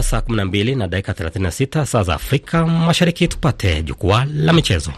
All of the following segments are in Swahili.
Imetimia saa 12 na dakika 36 saa za Afrika Mashariki, tupate jukwaa la michezo.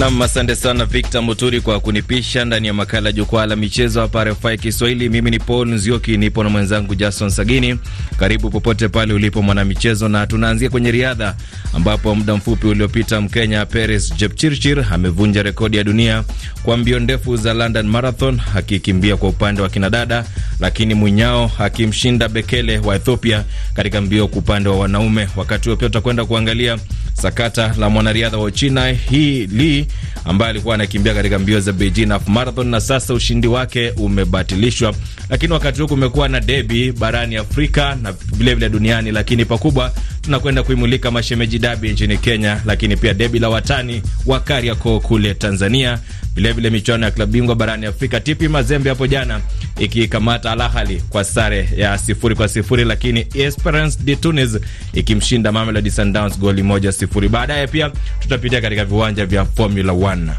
Nam, asante sana Victor Muturi kwa kunipisha ndani ya makala ya jukwaa la michezo hapa RFI Kiswahili. Mimi ni Paul Nzioki, nipo na mwenzangu Jason Sagini. Karibu popote pale ulipo mwanamichezo, na tunaanzia kwenye riadha ambapo muda mfupi uliopita Mkenya Peres Jepchirchir amevunja rekodi ya dunia kwa mbio ndefu za London Marathon akikimbia kwa upande wa kinadada, lakini Mwinyao akimshinda Bekele wa Ethiopia katika mbio kwa upande wa wanaume. Wakati huo pia tutakwenda kuangalia sakata la mwanariadha wa Uchina hii Li ambaye alikuwa anakimbia katika mbio za Beijing Half Marathon na sasa ushindi wake umebatilishwa lakini wakati huu kumekuwa na debi barani Afrika na vilevile duniani, lakini pakubwa tunakwenda kuimulika mashemeji dabi nchini Kenya, lakini pia debi la watani wa Kariakoo kule Tanzania, vilevile michuano ya klabu bingwa barani Afrika, TP Mazembe hapo jana ikikamata Al Ahly kwa sare ya sifuri kwa sifuri, lakini Esperance de Tunis ikimshinda Mamelodi Sundowns goli moja sifuri. Baadaye pia tutapitia katika viwanja vya Formula 1.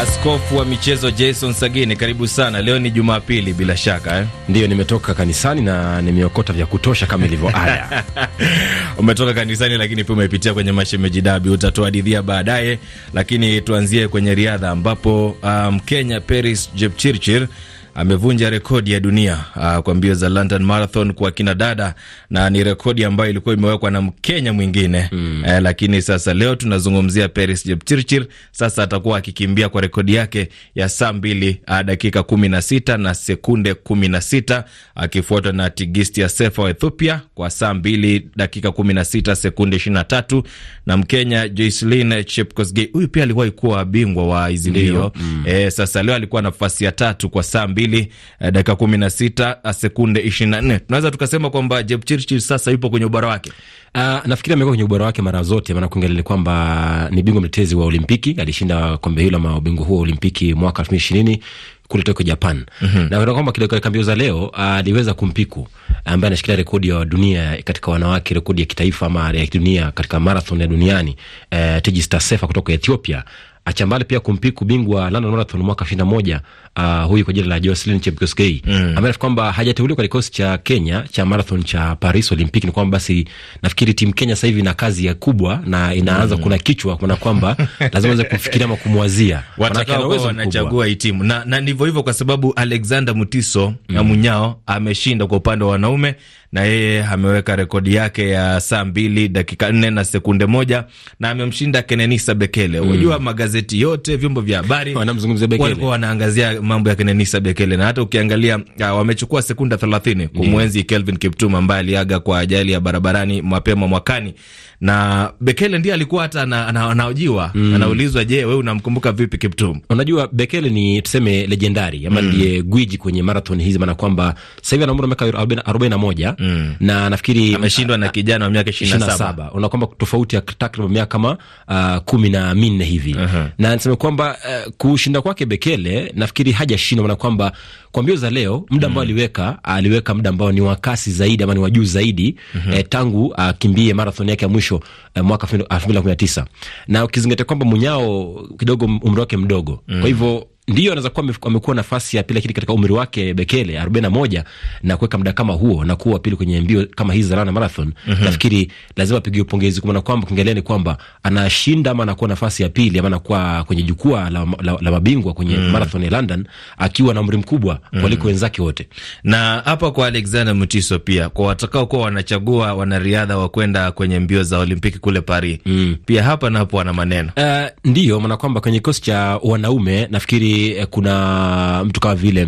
Askofu wa michezo Jason Sagini, karibu sana. Leo ni Jumapili bila shaka eh? Ndiyo, nimetoka kanisani na nimeokota vya kutosha kama ilivyo aya. Umetoka kanisani, lakini pia umepitia kwenye mashemeji dabi, utatuadidhia baadaye, lakini tuanzie kwenye riadha ambapo Mkenya um, Peris Jepchirchir amevunja rekodi ya dunia uh, kwa mbio za London Marathon kwa kina dada, na ni rekodi ambayo ilikuwa imewekwa na Mkenya mwingine mm. Eh, lakini sasa leo tunazungumzia Paris Jepchirchir. Sasa atakuwa akikimbia kwa rekodi yake ya saa mbili uh, dakika kumi na sita na sekunde kumi na sita akifuatwa na Tigist Sefa wa Ethiopia kwa saa mbili dakika kumi na sita sekunde ishirini na tatu na Mkenya Joycelyn Chepkosgei, huyu pia aliwahi kuwa bingwa wa izilio mm. Hmm. Eh, sasa leo alikuwa nafasi ya tatu kwa saa mbili mbili eh, dakika kumi na sita eh, sekunde ishirini na nne. Tunaweza tukasema kwamba Jepchirchir sasa yupo kwenye ubora wake. Uh, nafikiri amekuwa kwenye ubora wake mara zote, maana kuangalia kwamba ni bingwa mtetezi wa Olimpiki, alishinda kombe hilo ama ubingwa huo wa Olimpiki mwaka elfu mbili ishirini kule Tokyo, Japan. mm -hmm. Na kuna kwamba katika mbio za leo ah, aliweza uh, kumpiku ambaye anashikilia rekodi ya dunia katika wanawake, rekodi ya kitaifa ama ya dunia katika marathon ya duniani, uh, Teji Staseva kutoka Ethiopia achambale pia kumpiku bingwa London Marathon mwaka ishirini na moja uh, huyu kwa jina la Jocelyn Chepkosgei mm. amearifu kwamba hajateuliwa kwa kikosi cha Kenya cha marathon cha Paris Olympic. Ni kwamba basi nafikiri timu Kenya sasa hivi ina kazi ya kubwa na inaanza mm. kuna kichwa kuna kwamba lazima weze kufikiria ama kumwazia watakao wanachagua hii timu na, na ndivyo hivyo, kwa sababu Alexander Mutiso mm. na Munyao ameshinda kwa upande wa wanaume na yeye ameweka rekodi yake ya saa mbili dakika nne na sekunde moja na amemshinda Kenenisa Bekele. Mm. Unajua mm. magazeti yote, vyombo vya habari wanamzungumzia Bekele, walikuwa wanaangazia mambo ya Kenenisa Bekele, na hata ukiangalia ah, wamechukua sekunda thelathini kumwenzi mm. Kelvin Kiptum ambaye aliaga kwa ajali ya barabarani mapema mwakani na Bekele ndiye alikuwa hata anaojiwa ana, mm. anaulizwa, je, wewe unamkumbuka vipi Kiptum? Unajua Bekele ni tuseme legendari ama mm. ndiye mm. gwiji kwenye marathon hizi, maana kwamba sasa hivi ana umri wa miaka 41 mm. na nafikiri ameshindwa na kijana wa miaka 27. Unaona kwamba tofauti ya takriban miaka kama uh, kumi na minne hivi uh -huh. na niseme kwamba uh, kushinda kwake Bekele nafikiri hajashindwa, maana kwamba kwa mbio za leo muda ambao mm. aliweka aliweka muda ambao ni wa kasi zaidi ama ni wa juu zaidi mm -hmm. eh, tangu akimbie marathon yake ya mwisho eh, mwaka 2019 na ukizingatia kwamba Munyao kidogo umri wake mdogo mm. kwa hivyo ndio anaweza kuwa amekuwa nafasi ya pili, lakini katika umri wake Bekele 41 na kuweka muda kama huo na kuwa pili kwenye mbio kama hizi za Lana Marathon mm -hmm. Nafikiri lazima apigiwe pongezi kwa maana kwamba kingelea ni kwamba anashinda ama anakuwa nafasi ya pili ama anakuwa kwenye jukwaa la, la, la mabingwa kwenye mm -hmm. marathon ya London akiwa na umri mkubwa kuliko mm -hmm. wenzake wote. Na hapa kwa Alexander Mutiso pia kwa watakao kuwa wanachagua wanariadha wa kwenda kwenye mbio za Olimpiki kule Paris mm -hmm. pia hapa na hapo wana maneno uh, eh, ndio maana kwamba kwenye kikosi cha wanaume nafikiri eh, kuna mtu kama vile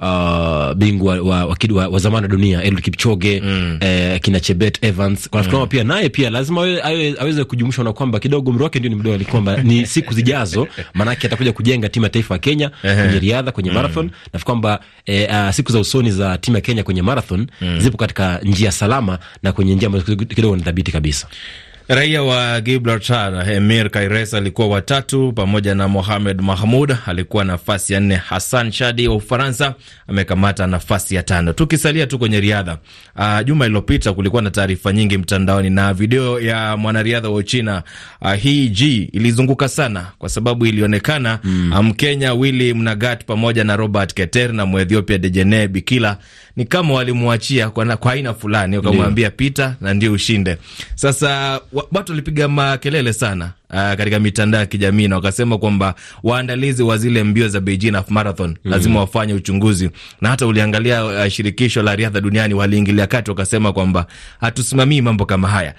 uh, bingwa wa, wa, wa, wa zamani wa dunia Eliud Kipchoge mm. eh, kina Chebet Evans kwa mm. pia naye pia lazima aweze kujumuishwa na kwamba kidogo umri wake ndio ni mdogo, kwamba ni siku zijazo, maanake atakuja kujenga timu ya taifa ya Kenya kwenye riadha, kwenye mm. marathon. na kwamba eh, uh, siku za usoni za timu ya Kenya kwenye marathon mm. zipo katika njia salama na kwenye njia ambazo kidogo ni thabiti kabisa. Raia wa Gibraltar Emir Kaires alikuwa watatu pamoja na Mohamed Mahmud alikuwa nafasi ya nne. Hassan Shadi wa Ufaransa amekamata nafasi ya tano. Tukisalia tu kwenye riadha, uh, juma ililopita kulikuwa na taarifa nyingi mtandaoni na video ya mwanariadha wa Uchina uh, He ilizunguka sana kwa sababu ilionekana mm, Mkenya um, Willy Mnagat pamoja na Robert Keter na Mwethiopia Dejene Bikila ni kama walimwachia kwa, kwa aina fulani wakamwambia pita na ndio ushinde. Sasa watu walipiga makelele sana Uh, katika mitandao ya kijamii na wakasema kwamba waandalizi wa zile mbio za Beijing Half Marathon mm. lazima mm -hmm. wafanye uchunguzi, na hata uliangalia uh, shirikisho la riadha duniani waliingilia kati wakasema kwamba hatusimamii mambo kama haya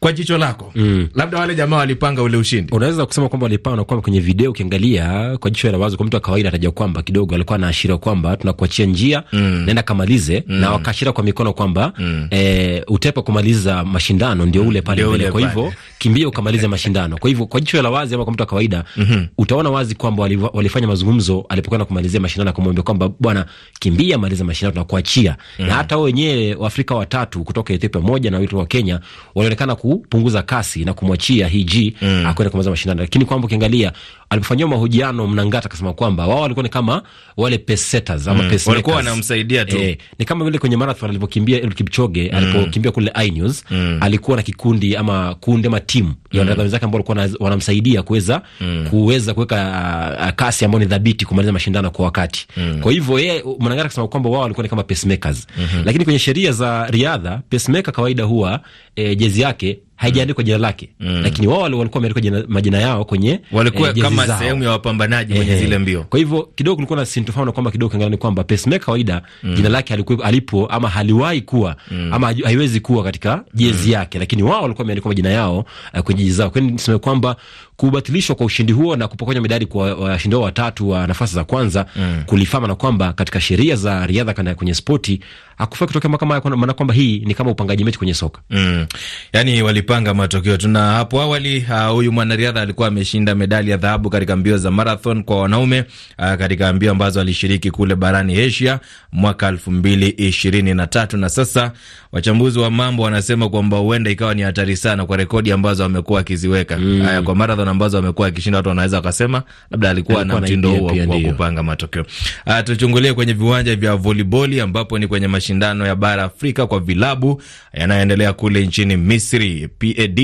kwa jicho lako mm. Labda wale jamaa walipanga ule ushindi, unaweza kusema kwamba walipanga, kwamba kwenye video ukiangalia kwa jicho la wazo, kwa mtu wa kawaida atajua kwamba kidogo alikuwa anaashiria kwamba tunakuachia njia mm. naenda kamalize mm. na wakaashiria kwa mikono kwamba mm. e, eh, utepa kumaliza mashindano ndio mm. ule pale mbele, kwa hivyo kimbia ukamalize mashindano. Kwa hivyo kwa jicho la wazi ama kwa mtu wa kawaida mm -hmm. utaona wazi kwamba walifanya mazungumzo alipokuwa na kumalizia mashindano, akamwambia kwamba bwana, kimbia maliza mashindano, tunakuachia mm -hmm. na mhm. hata wao wenyewe Waafrika watatu kutoka Ethiopia, moja na wito wa Kenya, walionekana kupunguza kasi na kumwachia hiji mm -hmm. akwenda kumaliza mashindano, lakini kwamba ukiangalia alipofanyiwa mahojiano Mnangata akasema kwamba wao walikuwa ni kama wale pesetas ama mm. pesetas walikuwa wanamsaidia tu e, ni kama vile kwenye marathon alipokimbia Eliud Kipchoge mm. alipokimbia kule INEOS mm. alikuwa na kikundi ama kundi ama timu ya mm. wanariadha wenzake ambao walikuwa wanamsaidia kuweza mm. kuweza kuweka ah, ah, kasi ambayo ni dhabiti kumaliza mashindano kwa wakati. Mm. Kwa hivyo yeye Mnangara akasema kwamba wao walikuwa ni kama pacemakers, mhm. lakini kwenye sheria za riadha pacemaker kawaida huwa e, jezi yake haijaandikwa kwa jina lake mm. Lakini wao walikuwa wameandika majina yao kwenye eh, walikuwa eh, kama sehemu ya wapambanaji kwenye eh, zile mbio. Kwa hivyo kidogo kulikuwa na sintofahamu kwamba kidogo kingana ni kwamba pacemaker kawaida mm. jina lake halikuwa alipo ama haliwahi kuwa mm. ama haiwezi kuwa katika jezi mm. yake, lakini wao walikuwa wameandika majina yao uh, kwenye jezi zao. Kwa hiyo niseme kwamba kubatilishwa kwa ushindi huo na kupokonya medali kwa washindi uh, watatu wa nafasi za kwanza mm. kulifama na kwamba katika sheria za riadha kana kwenye spoti akufa kutokea mwaka haya, maana kwamba hii ni kama upangaji mechi kwenye soka mm. Yani walipanga matokeo tuna hapo awali uh, huyu uh, mwanariadha alikuwa ameshinda medali ya dhahabu katika mbio za marathon kwa wanaume uh, katika mbio ambazo alishiriki kule barani Asia mwaka elfu mbili ishirini na tatu na sasa wachambuzi wa mambo wanasema kwamba huenda ikawa ni hatari sana kwa rekodi ambazo amekuwa akiziweka mm. uh, kwa marathon na ambazo amekuwa akishinda, watu wanaweza wakasema labda alikuwa na mtindo huo wa kupanga matokeo. Ah, tuchungulie kwenye viwanja vya voliboli ambapo ni kwenye mashindano ya bara Afrika kwa vilabu yanayoendelea kule nchini Misri. PAD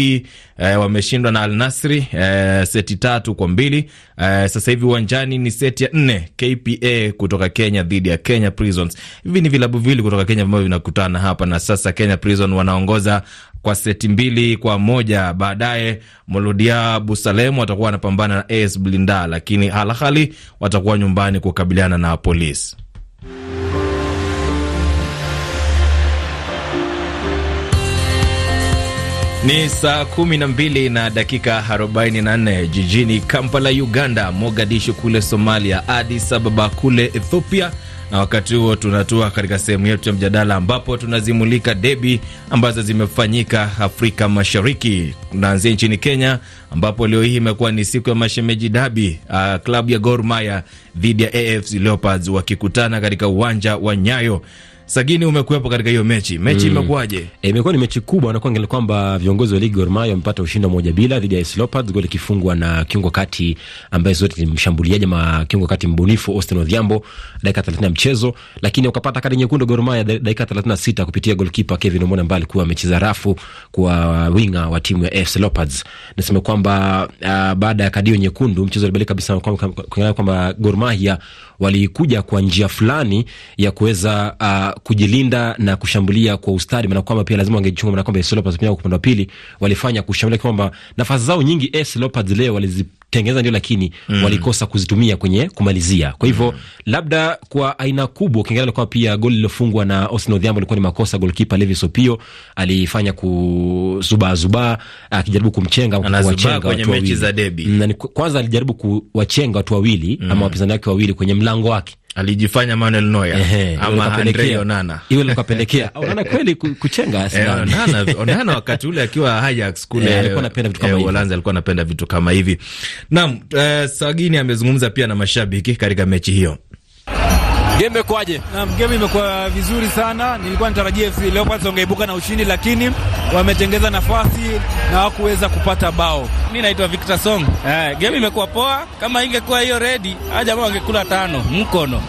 eh, wameshindwa na Al Nasri eh, seti tatu kwa mbili. Eh, sasa hivi uwanjani ni seti ya nne, KPA kutoka Kenya dhidi ya Kenya Prisons. Hivi ni vilabu viwili kutoka Kenya ambavyo vinakutana hapa na sasa Kenya Prison wanaongoza kwa seti mbili kwa moja. Baadaye molodia Busalemu watakuwa wanapambana na AS Blinda, lakini halahali watakuwa nyumbani kukabiliana na Polisi. Ni saa kumi na mbili na dakika 44 jijini Kampala, Uganda, Mogadishu kule Somalia, adis Ababa kule Ethiopia na wakati huo tunatua katika sehemu yetu ya mjadala ambapo tunazimulika debi ambazo zimefanyika Afrika Mashariki. Tunaanzia nchini Kenya ambapo leo hii imekuwa ni siku ya mashemeji dabi, uh, klabu ya Gor Mahia dhidi ya AFC Leopards wakikutana katika uwanja wa Nyayo Sagini, umekuwepo katika hiyo mechi, mechi imekuwaje? Mm. Imekuwa e, ni mechi kubwa na kuangalia kwamba viongozi wa ligi Gor Mahia wamepata ushindi moja bila dhidi ya AS Leopards, goli kifungwa na kiungo kati ambaye zote ni mshambuliaji ama kiungo kati mbunifu Austin Odhiambo dakika 30 ya mchezo, lakini ukapata kadi nyekundu Gor Mahia dakika 36 kupitia goalkeeper Kevin Omona ambaye alikuwa amecheza rafu kwa winga wa timu ya AS Leopards. Nasema kwamba uh, baada ya kadi nyekundu mchezo ulibadilika kabisa, kwamba Gor Mahia walikuja kwa njia fulani ya kuweza uh, kujilinda na kushambulia kwa ustadi, maana kwamba pia lazima wangejichunga, maana kwamba AS Leopards pia kwa upande wa pili walifanya kushambulia kwamba nafasi zao nyingi AS Leopards leo walizi kutengeneza ndio, lakini mm. walikosa kuzitumia kwenye kumalizia. Kwa hivyo mm. labda kwa aina kubwa ukiangalia kwa pia goli lilofungwa na Austin Odhiambo ilikuwa ni makosa goalkeeper Levi Sopio alifanya kuzubaa zubaa akijaribu kumchenga kuwachenga watu wawili. Na kwanza alijaribu kuwachenga watu wawili mm. ama wapinzani wake wawili kwenye mlango wake alijifanya Manuel Noya ama Andre Onana, iwe likapelekea eh, Onana kweli kuchenga Arsenal. Onana, Onana wakati ule akiwa Ajax kule eh, alikuwa anapenda vitu kama eh, hivi, Holanzi alikuwa anapenda vitu kama hivi. Naam, eh, Sagini amezungumza pia na mashabiki katika mechi hiyo. Game imekuwaje? Naam, game imekuwa vizuri sana. Nilikuwa nitarajia FC Leopards wangeibuka na ushindi, lakini wametengeza nafasi na hawakuweza kupata bao. Mimi naitwa Victor Song. Eh, game imekuwa poa. Kama ingekuwa hiyo ready, haja jamaa wangekula tano mkono.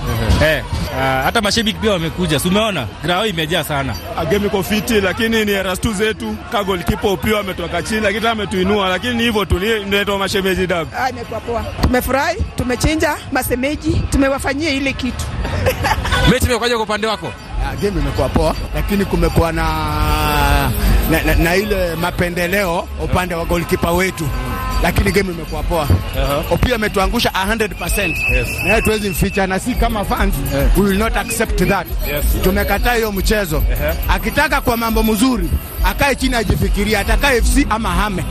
Eh. Ah, hata mashabiki pia wamekuja, si umeona grao imejaa sana. Ah, game iko fiti, lakini ni erastu zetu kagol kipo pia ametoka chini, lakini ametuinua, lakini ni hivyo tu, ndio mashemeji dabu. Ah, imekuwa poa, tumefurahi, tumechinja masemeji, tumewafanyia ile kitu mechi imekuwaje kwa upande wako? Ah, game imekuwa poa, lakini kumekuwa na, na, na, na ile mapendeleo upande wa golkipa wetu lakini game imekuwa poa. Uh-huh. Opia ametuangusha 100%. Yes. Na tuwezi mficha na si kama fans, eh. we will not accept that. Yes. Tumekataa hiyo mchezo. Uh-huh. Akitaka kwa mambo mzuri akae chini ajifikiria, atakaye FC ama hame.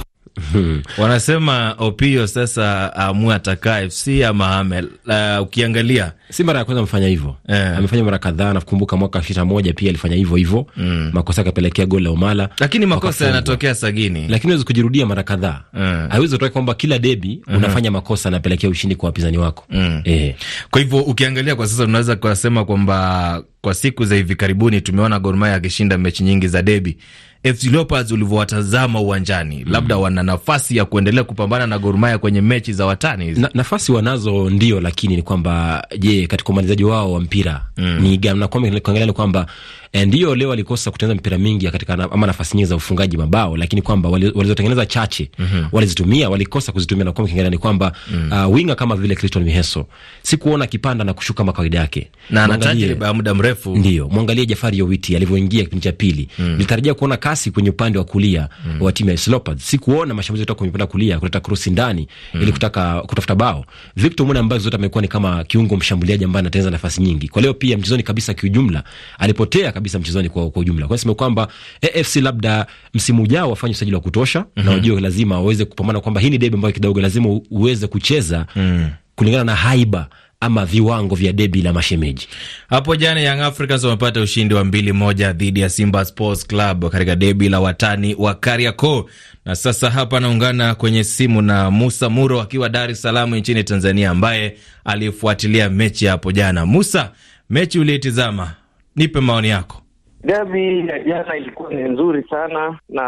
Hmm. wanasema Opio sasa amue atakaa FC ama Amel. Uh, ukiangalia si mara ya kwanza amefanya hivyo yeah. Amefanya mara kadhaa, nakumbuka mwaka ishirini na moja pia alifanya hivyo hivyo mm. Makosa akapelekea gol la Omala, lakini makosa yanatokea Sagini, lakini awezi kujirudia mara kadhaa mm. Awezi kutoka kwamba kila debi mm -hmm. unafanya makosa anapelekea ushindi kwa wapinzani wako mm. Eh. Kwa hivyo ukiangalia kwa sasa unaweza kusema kwamba kwa siku za hivi karibuni tumeona Gor Mahia akishinda mechi nyingi za debi FC Leopards ulivyowatazama uwanjani mm labda wana nafasi ya kuendelea kupambana na Gor Mahia kwenye mechi za watani na, nafasi wanazo ndio, lakini ni kwamba je, katika umalizaji wao wa mpira mm. ni gamna kwamba kuangalia ni kwamba eh, ndio leo walikosa kutengeneza mpira mingi katika ama nafasi nyingi za ufungaji mabao, lakini kwamba walizotengeneza wali chache mm -hmm. walizitumia walikosa kuzitumia, na kwamba kiangalia ni kwamba mm. uh, winga kama vile Christian Miheso sikuona kipanda na kushuka kama kawaida yake, na ana tajriba ya muda mrefu. Ndio mwangalie Jafari Yowiti alivyoingia kipindi cha pili mm. nitarajia kuona kasi pasi kwenye upande wa kulia mm. wa timu ya Leopards. Sikuona mashambulizi kutoka kwenye upande wa kulia kuleta cross ndani mm. ili kutaka kutafuta bao. Victor Muna ambaye zote amekuwa ni kama kiungo mshambuliaji ambaye anatengeneza nafasi nyingi. Kwa leo pia mchezoni kabisa kiujumla alipotea kabisa mchezoni kwa kwa ujumla. Kwa sababu kwamba AFC labda msimu ujao wafanye usajili wa kutosha mm -hmm. na mhm. wajue lazima waweze kupambana kwamba hii ni debe ambayo kidogo lazima uweze kucheza mm. kulingana na haiba ama viwango vya debi la mashemeji. Hapo jana Young Africans wamepata ushindi wa mbili moja dhidi ya Simba Sports Club katika debi la watani wa Kariakoo, na sasa hapa anaungana kwenye simu na Musa Muro akiwa Dar es Salaam nchini Tanzania, ambaye alifuatilia mechi hapo jana. Musa, mechi uliitizama, nipe maoni yako. Derby ya jana ilikuwa ni nzuri sana, na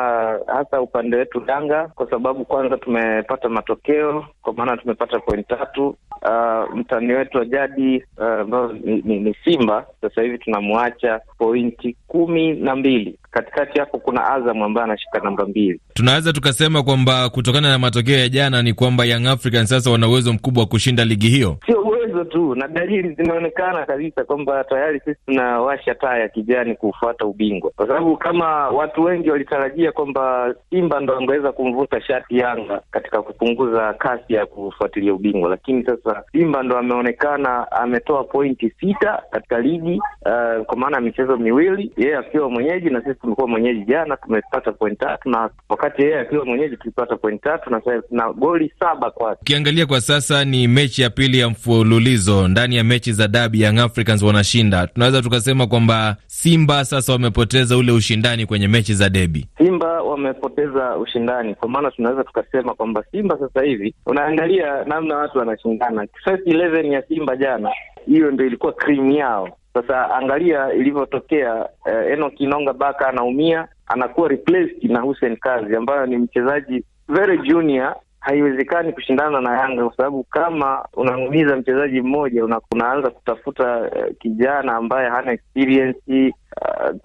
hasa upande wetu Yanga, kwa sababu kwanza tumepata matokeo, kwa maana tumepata point tatu. Uh, mtani wetu wa jadi ah, ambayo uh, ni, ni, ni Simba sasa hivi tunamwacha pointi kumi na mbili. Katikati hapo kuna Azam ambaye anashika namba mbili. Tunaweza tukasema kwamba kutokana na matokeo ya jana ni kwamba Young sasa wana uwezo mkubwa wa kushinda ligi hiyo, sio hizo tu, na dalili zinaonekana kabisa kwamba tayari sisi tunawasha taa ya kijani kufuata ubingwa, kwa sababu kama watu wengi walitarajia kwamba Simba ndo angeweza kumvuta shati Yanga katika kupunguza kasi ya kufuatilia ubingwa, lakini sasa Simba ndo ameonekana ametoa pointi sita katika ligi uh, kwa maana ya michezo miwili, yeye akiwa mwenyeji na sisi tumekuwa mwenyeji jana, tumepata point tatu, na wakati yeye akiwa mwenyeji tulipata pointi tatu na, na goli saba kwake. Ukiangalia kwa sasa ni mechi ya pili ya mfululizo mfululizo ndani ya mechi za dabi, Young Africans wanashinda, tunaweza tukasema kwamba Simba sasa wamepoteza ule ushindani kwenye mechi za debi. Simba wamepoteza ushindani, kwa maana tunaweza tukasema kwamba Simba sasa hivi unaangalia namna watu wanashindana. First ya Simba jana, hiyo ndio ilikuwa krimu yao. Sasa angalia ilivyotokea, eh, Enock Inonga Baka anaumia, anakuwa replaced na Hussein Kazi ambayo ni mchezaji very junior haiwezekani kushindana na Yanga kwa sababu kama unang'umiza mchezaji mmoja una, unaanza kutafuta uh, kijana ambaye hana experience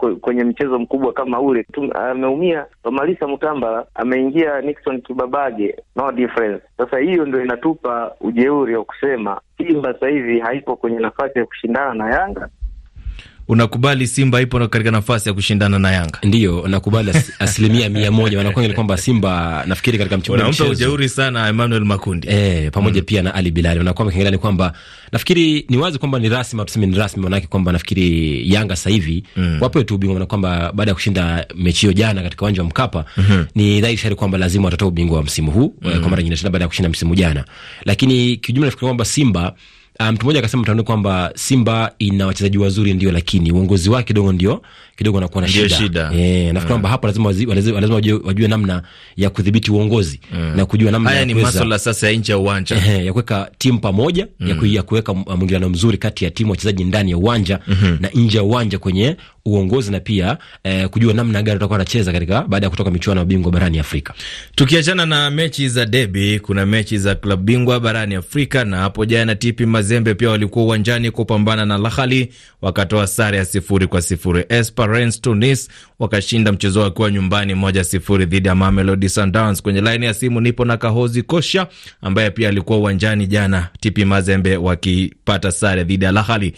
uh, kwenye mchezo mkubwa kama ule. Ameumia uh, Malisa Mutambala, ameingia Nixon Kibabage, no difference. Sasa hiyo ndio inatupa ujeuri wa kusema Simba sasa hivi haipo kwenye nafasi ya kushindana na Yanga Unakubali Simba ipo katika nafasi ya kushindana na Yanga? Ndio, nakubali asilimia mia moja. Wanakwanga ni kwamba Simba nafikiri katika mchezo unampa ujeuri sana Emmanuel Makundi eh, pamoja mm, pia na Ali Bilali. Wanakwamba kingana ni kwamba nafikiri ni wazi kwamba ni rasmi, tuseme ni rasmi, maana kwamba nafikiri Yanga sasa hivi mm, wapo tu ubingwa, na kwamba baada ya kushinda mechi hiyo jana katika uwanja wa Mkapa mm -hmm, ni dhahiri shahiri kwamba lazima watatoa ubingwa wa msimu huu eh, mm, kwa mara nyingine tena baada ya kushinda msimu jana, lakini kiujumla nafikiri kwamba Simba Um, mtu mmoja akasema mtandaoni kwamba Simba ina wachezaji wazuri ndio, lakini uongozi wake kidogo ndio kidogo anakuwa na shida, shida. E, nafikiri kwamba eh. hapo lazima lazima wajue, wajue namna ya kudhibiti uongozi mm. na kujua namna haya ni masuala sasa ya nje ya uwanja e, ya kuweka timu pamoja mm. ya kuia kuweka uh, mwingiliano mzuri kati ya timu wachezaji ndani ya uwanja mm -hmm. na nje ya uwanja kwenye uongozi na pia e, kujua namna gani utakuwa anacheza katika baada ya kutoka michuano ya bingwa barani Afrika. Tukiachana na mechi za debi, kuna mechi za klabu bingwa barani Afrika, na hapo jana TP Mazembe pia walikuwa uwanjani kupambana na Lahali wakatoa sare ya sifuri kwa sifuri. Esper Esperance Tunis wakashinda mchezo wakiwa nyumbani moja sifuri dhidi ya Mamelodi Sundowns. Kwenye laini ya simu nipo na Kahozi Kosha ambaye pia alikuwa uwanjani jana TP Mazembe wakipata sare dhidi ya Al Ahly.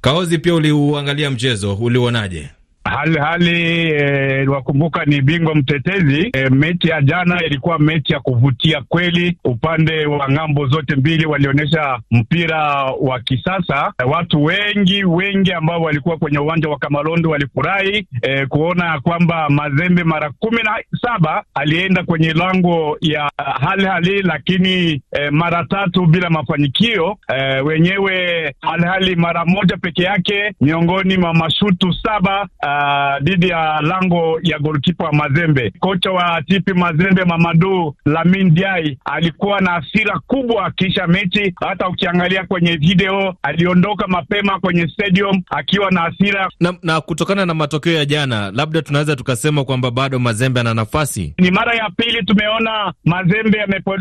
Kahozi, pia uliuangalia mchezo, uliuonaje? hali hali e, eh, wakumbuka ni bingwa mtetezi e, mechi ya jana ilikuwa mechi ya kuvutia kweli. Upande wa ng'ambo zote mbili walionyesha mpira wa kisasa. E, watu wengi wengi ambao walikuwa kwenye uwanja wa Kamalondo walifurahi e, kuona kwamba Mazembe mara kumi na saba alienda kwenye lango ya hali hali, lakini e, mara tatu bila mafanikio e, wenyewe hali hali mara moja peke yake miongoni mwa mashutu saba a, ah, Uh, dhidi ya lango ya golkipa wa Mazembe. Kocha wa TP Mazembe Mamadu Lamin Diai alikuwa na hasira kubwa kisha mechi. Hata ukiangalia kwenye video, aliondoka mapema kwenye stadium akiwa na hasira. Na, na kutokana na matokeo ya jana, labda tunaweza tukasema kwamba bado Mazembe ana nafasi. Ni mara ya pili tumeona Mazembe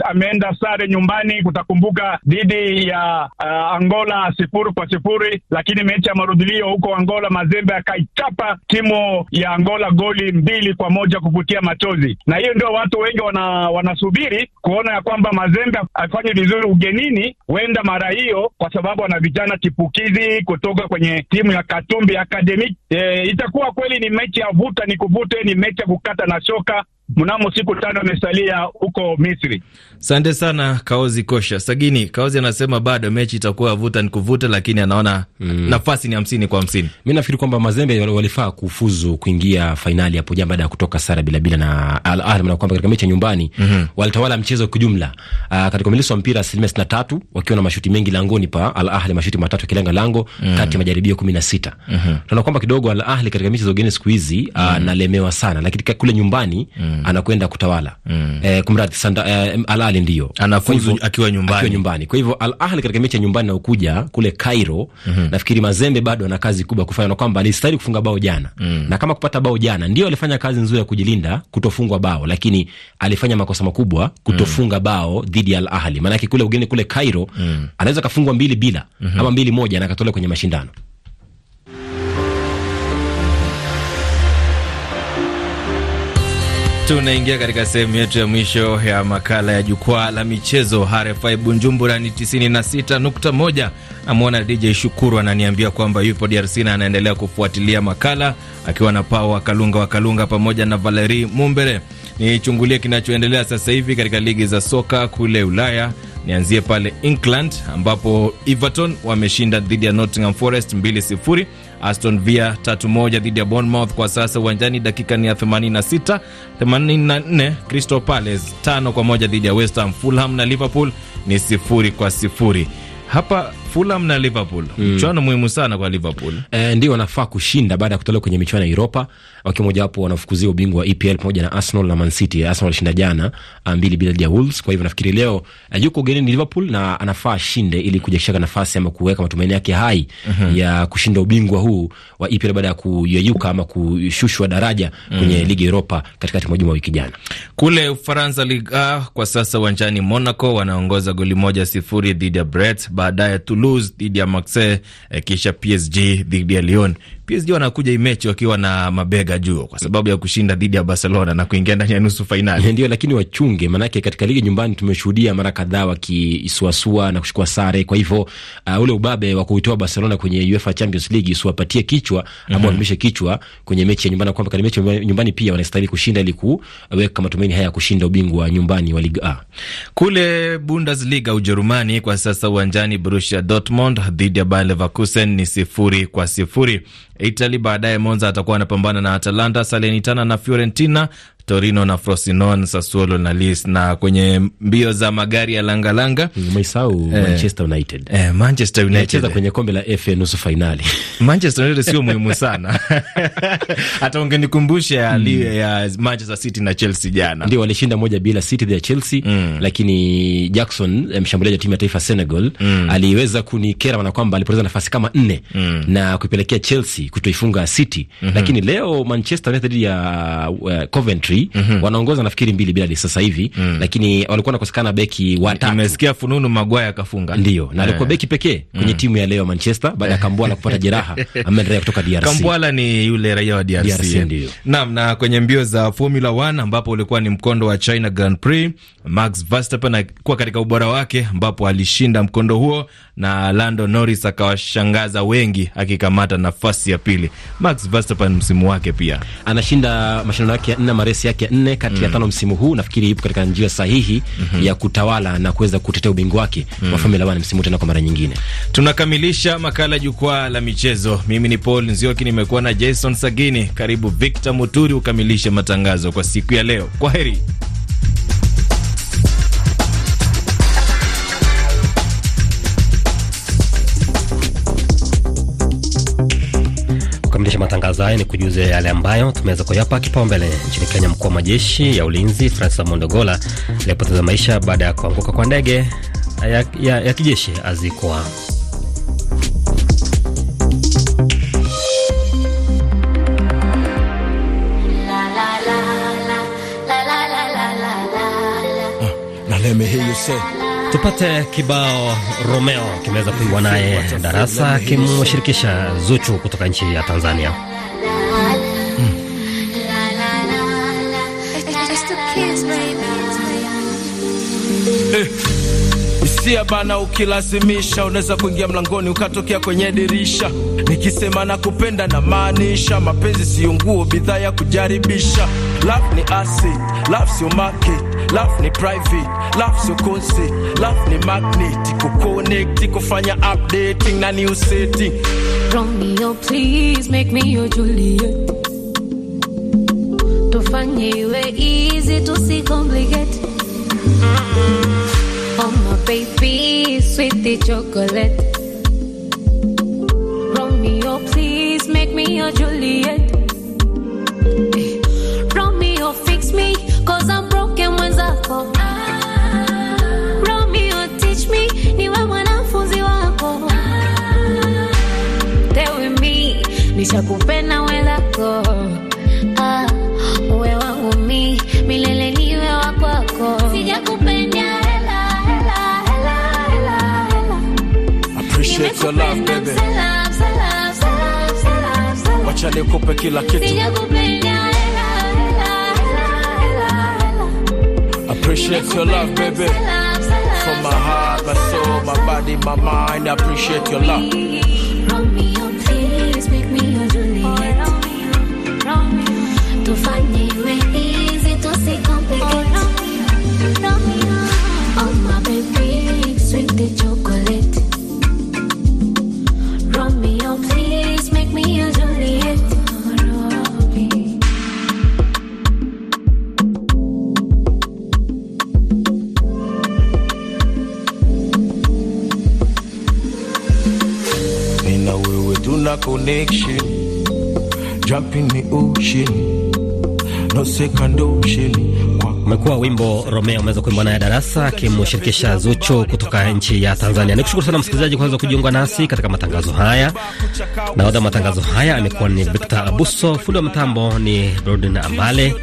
ameenda sare nyumbani, kutakumbuka dhidi ya uh, Angola sifuri kwa sifuri, lakini mechi ya marudhulio huko Angola Mazembe akaichapa timu ya Angola goli mbili kwa moja kuvutia machozi, na hiyo ndio watu wengi wana, wanasubiri kuona ya kwamba Mazembe afanye vizuri ugenini, huenda mara hiyo, kwa sababu wana vijana chipukizi kutoka kwenye timu ya Katumbi Academy. E, itakuwa kweli ni mechi ya vuta ni kuvute, ni mechi ya kukata na shoka mnamo siku tano imesalia huko Misri. Asante sana Kaozi Kosha Sagini. Kaozi anasema bado mechi itakuwa vuta ni kuvuta, lakini anaona mm, nafasi ni hamsini kwa hamsini. Mi nafikiri kwamba Mazembe walifaa kufuzu kuingia fainali hapo jana baada ya kutoka sara bilabila na Al Ahly, na kwamba katika mechi ya nyumbani mm -hmm, walitawala mchezo kijumla, Uh, ah, katika umilisi wa mpira asilimia sitini na tatu wakiwa na mashuti mengi langoni pa Al Ahly, mashuti matatu akilenga lango mm -hmm, kati ya majaribio kumi na sita. mm -hmm. Tunaona kwamba kidogo Al Ahly katika mechi za ugeni siku hizi uh, mm nalemewa sana, lakini kule nyumbani mm -hmm mm. anakwenda kutawala mm. e, eh, kumradhi e, eh, Al Ahly ndio anafuzu akiwa nyumbani, akiwa nyumbani. Kwa hivyo Al Ahly katika mechi ya nyumbani na ukuja kule Cairo mm -hmm. nafikiri Mazembe bado ana kazi kubwa kufanya, na kwamba alistahili kufunga bao jana mm. na kama kupata bao jana, ndio alifanya kazi nzuri ya kujilinda kutofungwa bao, lakini alifanya makosa makubwa kutofunga mm. bao dhidi ya Al Ahly, maanake kule ugeni kule Cairo mm. anaweza kafungwa mbili bila mm -hmm. ama mbili moja na akatolewa kwenye mashindano. Tunaingia katika sehemu yetu ya mwisho ya makala ya jukwaa la michezo RFI bunjumbura ni 96.1. Namwona DJ Shukuru ananiambia kwamba yupo DRC na anaendelea kufuatilia makala akiwa na Pao Wakalunga Wakalunga pamoja na Valeri Mumbere. Nichungulie kinachoendelea sasa hivi katika ligi za soka kule Ulaya. Nianzie pale England ambapo Everton wameshinda dhidi ya Nottingham Forest 2-0 Aston Villa tatu moja dhidi ya Bournemouth kwa sasa uwanjani. Dakika ni ya 86 84. Crystal Palace tano kwa moja dhidi ya West Ham. Fulham na Liverpool ni sifuri kwa sifuri hapa Fulham na Liverpool mm. Mchuano muhimu sana kwa Liverpool e, ndio wanafaa kushinda baada ya kutolewa kwenye michuano ya Europa, wakiwa mojawapo wanafukuzia ubingwa wa EPL pamoja na Arsenal na Man City. Arsenal alishinda jana ah, mbili bila dhidi ya Wolves, kwa hivyo nafikiri leo eh, yuko ugenini Liverpool na anafaa ashinde ili kujashika nafasi ama kuweka matumaini yake hai uh mhm. -huh. ya kushinda ubingwa huu wa EPL baada ya kuyeyuka ama kushushwa daraja kwenye mm. ligi Europa katikati mwa juma wiki jana. Kule Ufaransa Liga kwa sasa uwanjani Monaco wanaongoza goli moja sifuri dhidi ya Brest, baadaye Toulouse Toulouse dhidi ya Marseille, eh, kisha PSG dhidi ya Lyon. PSG wanakuja hii mechi wakiwa na mabega juu kwa sababu ya kushinda dhidi ya Barcelona na kuingia ndani ya nusu fainali. Ndio, lakini wachunge, maanake katika ligi nyumbani tumeshuhudia mara kadhaa wakiisuasua na kuchukua sare. Kwa hivyo uh, ule ubabe wa kuitoa Barcelona kwenye UEFA Champions League usiwapatie kichwa ama mhm. wadumishe mm -hmm. kichwa kwenye mechi ya nyumbani, kwamba katika mechi nyumbani pia wanastahili kushinda ili kuweka matumaini haya ya kushinda ubingwa nyumbani wa Liga A. Kule Bundesliga Ujerumani kwa sasa uwanjani Borussia Dortmund dhidi ya Bayer Leverkusen ni sifuri kwa sifuri. Italy. Baadaye Monza atakuwa anapambana na Atalanta, Salernitana na Fiorentina, Torino na Frosinone, Sassuolo na Lis. Na kwenye mbio za magari ya langalanga eh, Manchester United eh, Manchester United kwenye kombe la FA nusu Manchester United sio muhimu sana hata ungenikumbusha ya, mm. ya Manchester City na Chelsea jana, ndio walishinda moja bila City ya Chelsea mm. lakini Jackson eh, mshambuliaji wa timu ya taifa Senegal mm. aliweza kunikera na kwamba alipoteza nafasi kama nne mm. na kuipelekea Chelsea kutoifunga City mm -hmm. lakini leo Manchester United ya uh, Coventry mbili mm -hmm. wanaongoza nafikiri mbili bila sasa hivi mm -hmm. lakini walikuwa nakosekana beki watatu. Nimesikia fununu Magwaya akafunga, ndio na alikuwa yeah. beki pekee kwenye mm timu ya leo Manchester baada ya Kambwala kupata jeraha, ameendelea kutoka DRC. Kambwala ni yule raia wa DRC, DRC ndio. Naam, na kwenye mbio za Formula 1 ambapo ulikuwa ni mkondo wa China Grand Prix, Max Verstappen alikuwa katika ubora wake ambapo alishinda mkondo huo na Lando Norris akawashangaza wengi akikamata nafasi ya pili. Max Verstappen msimu wake pia anashinda mashindano yake ya nne maresi yake ya nne kati ya mm. tano msimu huu. Nafikiri ipo katika njia sahihi mm-hmm. ya kutawala na kuweza kutetea ubingwa wake wa mm. Formula 1 msimu tena kwa mara nyingine. Tunakamilisha makala jukwaa la michezo. Mimi ni Paul Nzioki, nimekuwa na Jason Sagini. Karibu Victor Muturi ukamilishe matangazo kwa siku ya leo. Kwaheri. kukamilisha matangazo haya, ni kujuza yale ambayo tumeweza kuyapa kipaumbele. Nchini Kenya, mkuu wa majeshi ya ulinzi Francis Mondogola aliyepoteza maisha baada ya kuanguka kwa ndege ya, ya, ya kijeshi azikwa. Tupate kibao Romeo kimeweza kuiwa naye Darasa akimshirikisha Zuchu kutoka nchi ya Tanzania. Hmm. Eh, Sia bana, ukilazimisha unaweza kuingia mlangoni ukatokea kwenye dirisha. Nikisema na kupenda na maanisha, mapenzi siyo nguo, bidhaa ya kujaribisha. Love ni asset, love sio market, love ni private love so sokozi love ni magnetic kuconnect kufanya updating na new setting romeo please make me your juliet tufanye iwe easy tusicomplicate mm -hmm. oh my baby sweet chocolate nishakupenda wenzako ah, uwe wangu mi milele niwe wa kwako sijakupenda hela hela hela hela hela appreciate your love baby wacha nikupe kila kitu hela hela hela hela appreciate your love baby from my heart my soul my body my mind appreciate your love So funny, it real easy to see complicated. Oh, no, no, oh my baby, sweet the chocolate. Romeo, please make me a Juliet. In a way we do not connection, jump in the ocean. Umekuwa wimbo Romeo umeweza kuimbwa naye Darasa akimshirikisha Zuchu kutoka nchi ya Tanzania. ni kushukuru sana msikilizaji kuweza kujiunga nasi katika matangazo haya. Nahodha matangazo haya amekuwa ni Victor Abuso, fundi wa mtambo ni Rodin Ambale,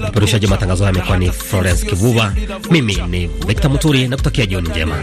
mpeperushaji wa matangazo haya amekuwa ni Florence Kivuva. Mimi ni Victor Muturi na kutakia jioni njema.